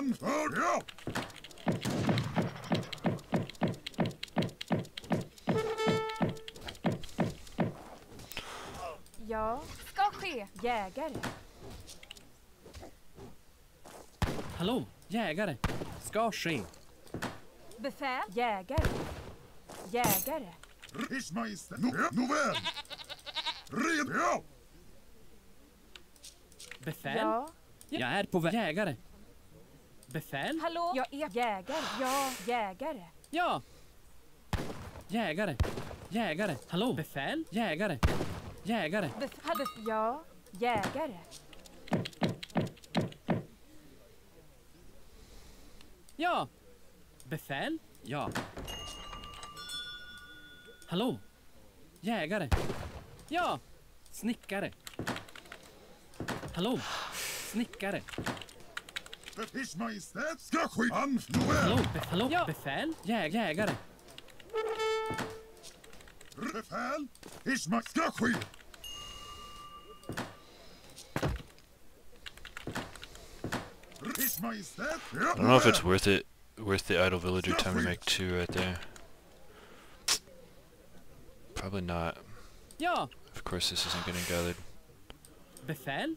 anförda! Ja, ska ske, jägare. Hallå, jägare. Ska ske. Befäl, jägare. Jägare. Riksmeister, no No novell. Redo! Befäl? Ja. Jag är på väg. Jägare. Befäl? Hallå? Jag är jägare. Ja, jägare. Ja. Jägare. Jägare. Hallå? Befäl? Jägare. Jägare. Befäl? ja, jägare. Ja. Befäl? Ja. Hallå? Jägare. Ja. Snickare. Hallå? Snickare. Öppis Majestät ska Yeah. Anfluer! Förlåt, ja. befäl? jägare? Befäl! ska I don't know if it's worth it, worth the idle villager time to make two right there. Probably not. Yeah. Of course this isn't getting gathered. Befell?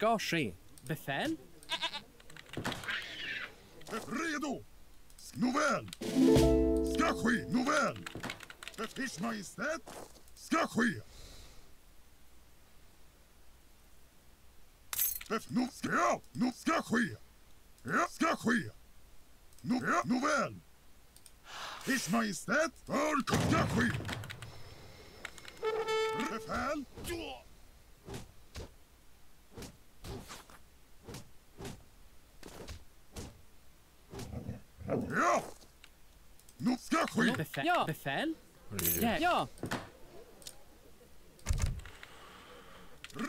ska ske. Befäl? Redo! Nåväl! Ska ske! Nåväl! Befärs Majestät! Ska ske! Nu ska, nu ska ske! Ja, ska ske! Nu, ja, nåväl! Ers Majestät, för ska ske! Befäl! Ja! Ja! Nu ska jag Befäl? Ja! Befäl? Ja!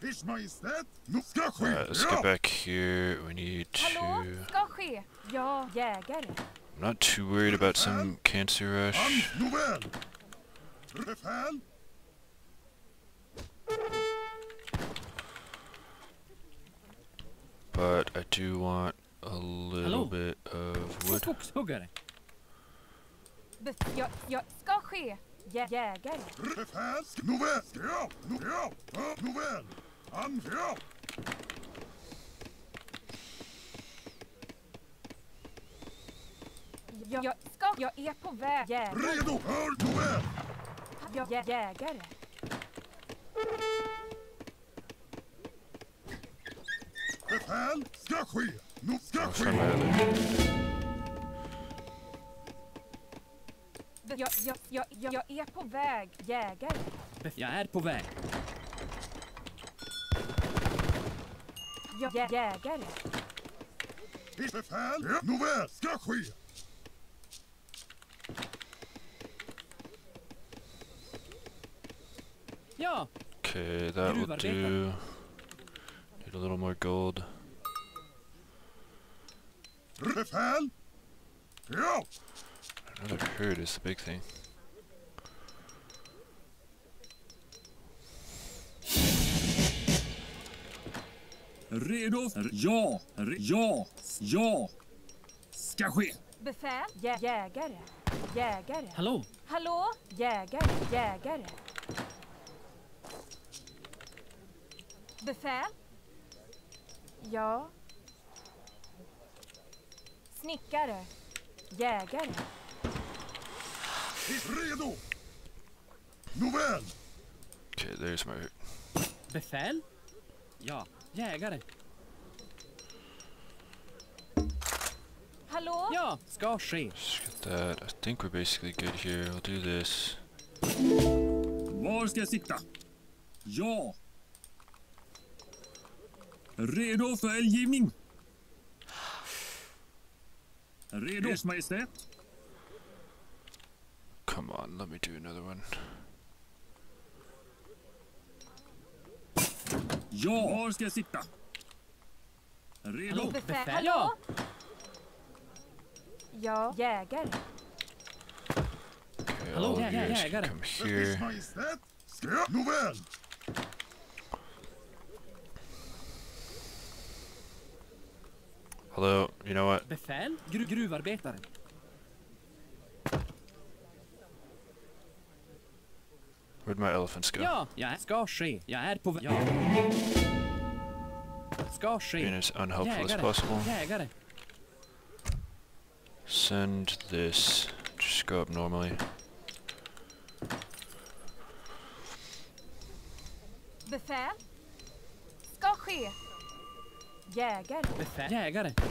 His Majestät, nu ska ske! Uh, let's get back here. We need to... Hallå, ska ske! Ja, jägare. I'm not too worried about some cancer rush. Befäl! But I do want a little Hello. bit of wood. Jag, ska, jag är på väg. Redo, hör novell! Jag är jägare. Befäl ska ske! Jag, är på väg, jägare. Jag är på väg. Jag, jägare. ska ske. Ja. Okay, that will do. Need a little more gold. Befäl! Ja! Another herd is the big thing. Redo? Ja! Ja! Ja! Ska ske! Befäl? Jä jägare? Jägare? Hallå? Hallå? Jägare? Jägare? Befäl? Ja? Snickare. Jägare. Redo! Nåväl! Okej, det är ju som jag... Befäl? Ja, jägare. Hallå? Ja, ska ske. That. I think we're basically good here. I'll do this. Var ska jag sikta? Ja! Redo för eldgivning! Redo, yes, Majestät. Come on, let me do another one. Jag har ska sitta. Redo. Befäl. Hallå? Ja. yeah. Okay, Hallå, jägare. Come here. Hello, you know what? Befäl? Gru gruvarbetaren. Where'd my elephants go? Ja, jag er- ska ske. Jag är er på väg. Ja. Ska ske. Being as unhelpful Jägare. as possible. Jägare. Send this. Just go up normally. Yeah, I get it. Befäl. Yeah, I got it.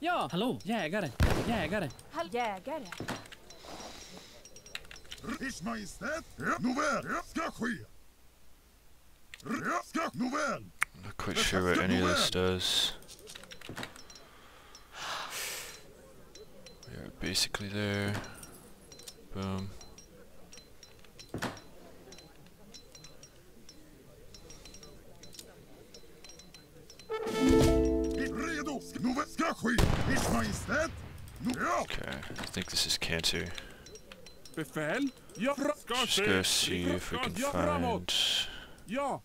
Ja! Hallå! Jägare! Jägare! Hall jägare! Ers Majestät! Nåväl! Ska ske! Ska... Nåväl! I'm not quite sure what any of this does. We are basically there. Boom. Okay, I think this is Cantu. Just go see if we can find... Yeah.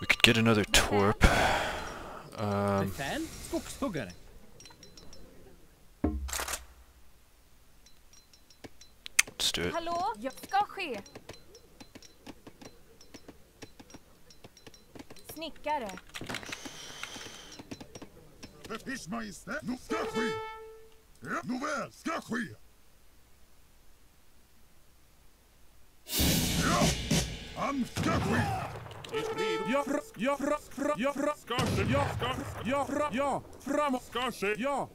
We could get another Torp. Um, let's do it. snickare. Pepisch Majestät, nu ska ske! Ja, väl ska ske! Ja, han ska ske! Ja, fra, ja, fra, fra, ja, fra, ska ske, ja, ska, ja, fra, ja, framåt, ska ske, ja!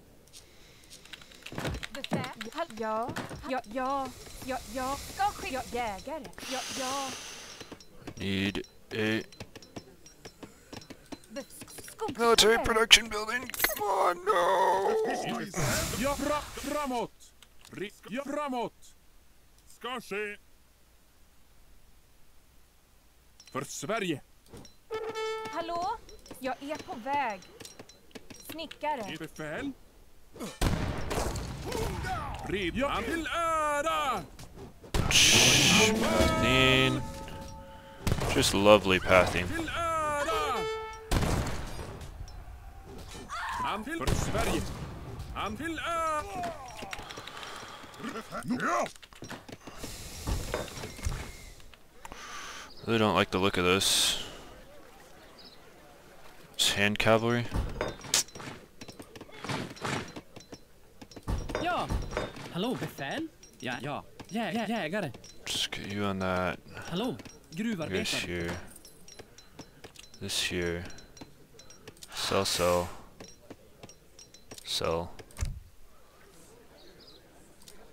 Befäl, ja, ja, ja, ja, ja, ja, ska ske, ja, jägare, ja, ja. Need a eh, Military production building. Come on, no. Ska ske. För Sverige. Hallå? Jag är på väg. Snickare. Befäl. Riddan till ära! Just lovely pathing. An för Sverige. An till ö! Really don't like the look of this. It's hand cavalry. Yeah. Hello, befäl. Yeah. ja, jä jägare. Just get you on that. Hello, gruvarbetare. This here. This here. So so so.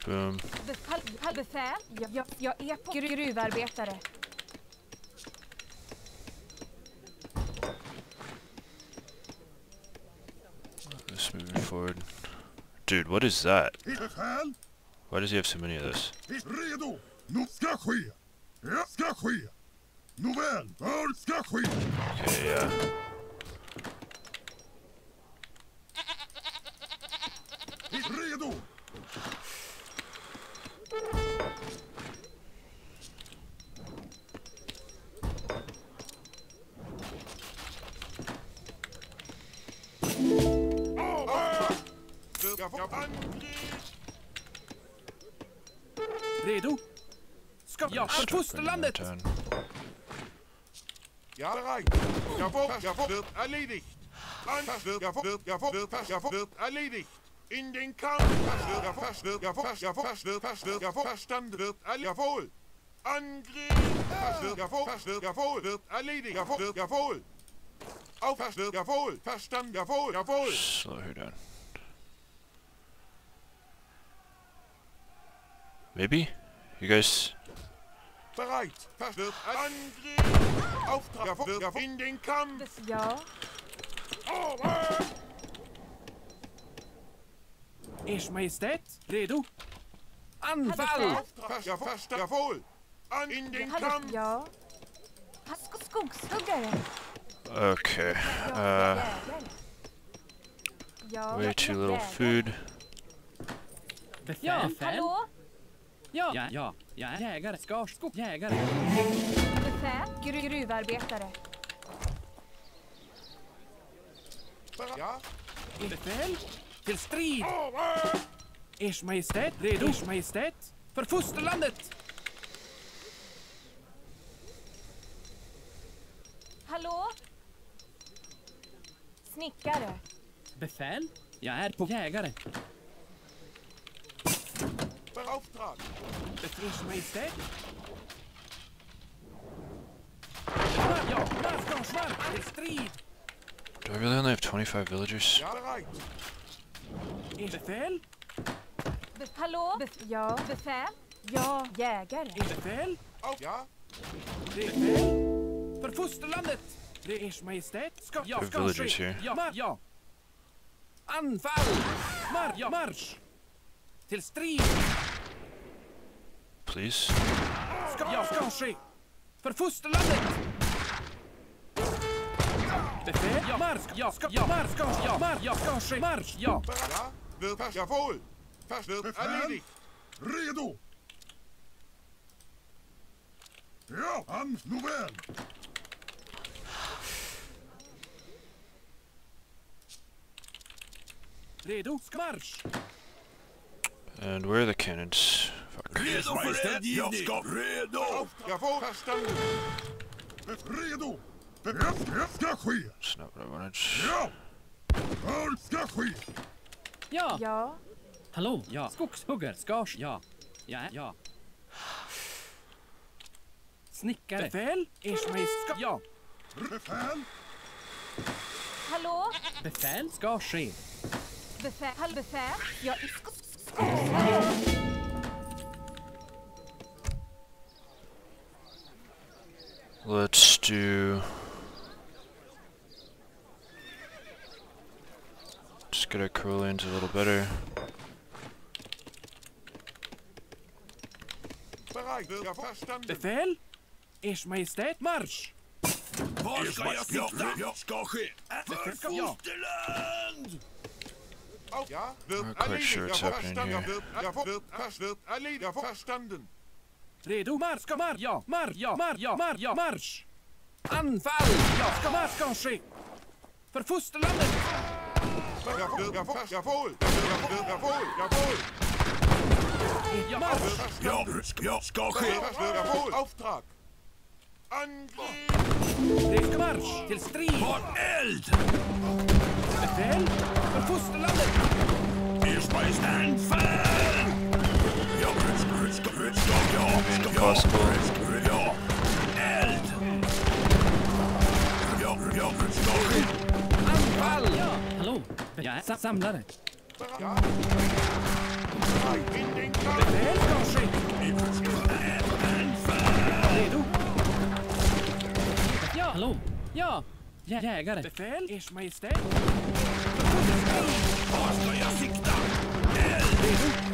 Boom. Befäl, jag, jag är på gruvarbetare. Just moving forward. Dude, what is that? Why does he have so many of this? Okay, yeah. Redu? Ja, von Fuß landet! Ja, rein! Jawohl, jawohl, wird erledigt! Das wird, jawohl, wird, jawohl, wird, jawohl, wird erledigt! In den Kampf! Das wird, jawohl, das wird, jawohl, jawohl, das wird, das wird, jawohl, verstanden wird, jawohl! Angriff! Das wird, jawohl, das wird, jawohl, wird erledigt, jawohl, wird, jawohl! Auf, das wird, jawohl, verstanden, jawohl, jawohl! So, hör dann. Maybe? You guys... Bereit! Wird Angriff! Auftrag wird in den Kampf! Ja. Ers Majestät, redo? Anfall! Ja, jawohl! in den Kampf! Ja. Okay. Uh, way too little food. Yeah, fan. Ja, ja, ja, jag är jägare, skarskog, jägare. Befäl, gru gruvarbetare. Ja. Befäl, till strid. Ers Majestät, redo. Ers Majestät, för fosterlandet. Hallå? Snickare. Befäl, jag är på jägare. the fish wasted? Do I really only have 25 villagers? Befäl? Eh? Yeah. Oh, ja. Befäl? Ja, jägare. Befäl? Ja. Befäl? För fosterlandet! Det är majestät. Ska, ja, ska villagers here. Ja, ja. Anfall! Mar marsch! Till strid! please. Jag kanske! För fosterlandet! Befäl! Er ja, marsch! Ja, And where are the cannons? Redo för eldgivning! Redo! Jag får kasta Redo! Det ska ske! Snälla var det... Ja! Det ska ske! Ja! Ja. Hallå, ja. Skogshuggare! Ska ja. Ja, ja. Snickare. Befäl? Ersättningsska... Ja. Befäl? Hallå? Befäl ska ske. Befäl, befäl. Jag är skogshugger. Let's do... Just get our coolant a little better. Befehl? Ers Majestät, marsch! Ers Not quite sure what's happening here. Redu, marsko, Mario, Mario, Mario, Mario, marsch! Anfall! Jasko, marsko, schick! Verfuste landet! Jawohl, jawohl, jawohl, jawohl! Marsch! Ja, ja, skoki! Jawohl, Auftrag! Angriff! Risk marsch! Til strid! Von eld! Befehl! Verfuste landet! Ihr speist anfallen! possible. Hallå, jag är samlare. Redo? Ja, hallå. Ja, Jä jägare. Befäl, ers majestät. Var ska jag sikta? Redo?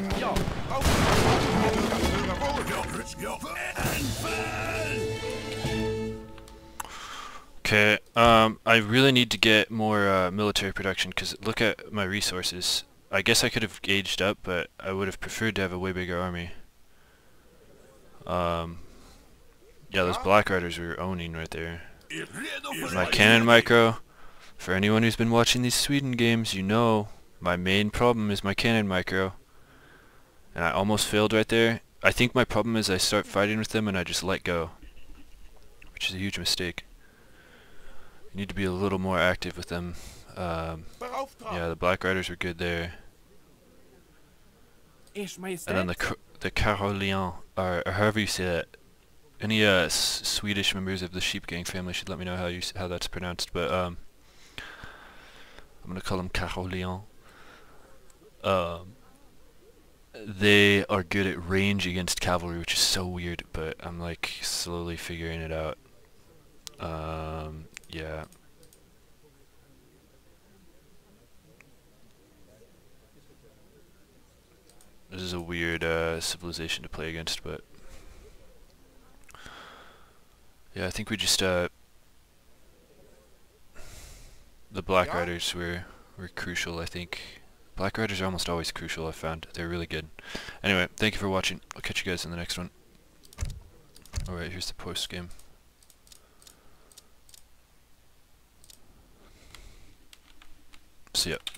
Okay, um, I really need to get more uh, military production because look at my resources. I guess I could have gauged up, but I would have preferred to have a way bigger army. Um, yeah, those Black Riders we were owning right there. My cannon micro. For anyone who's been watching these Sweden games, you know my main problem is my cannon micro. And I almost failed right there. I think my problem is I start fighting with them and I just let go. Which is a huge mistake. I need to be a little more active with them. Um, yeah, the Black Riders were good there. And then the the Carolian, or, or, however you say that. Any uh, Swedish members of the Sheep Gang family should let me know how you how that's pronounced, but um, I'm gonna call them Carolian. Um, they are good at range against cavalry, which is so weird, but I'm like slowly figuring it out. Um, yeah. This is a weird uh, civilization to play against, but... Yeah, I think we just, uh... The Black Riders were, were crucial, I think. Black Riders are almost always crucial, I've found. They're really good. Anyway, thank you for watching. I'll catch you guys in the next one. Alright, here's the post game. See ya.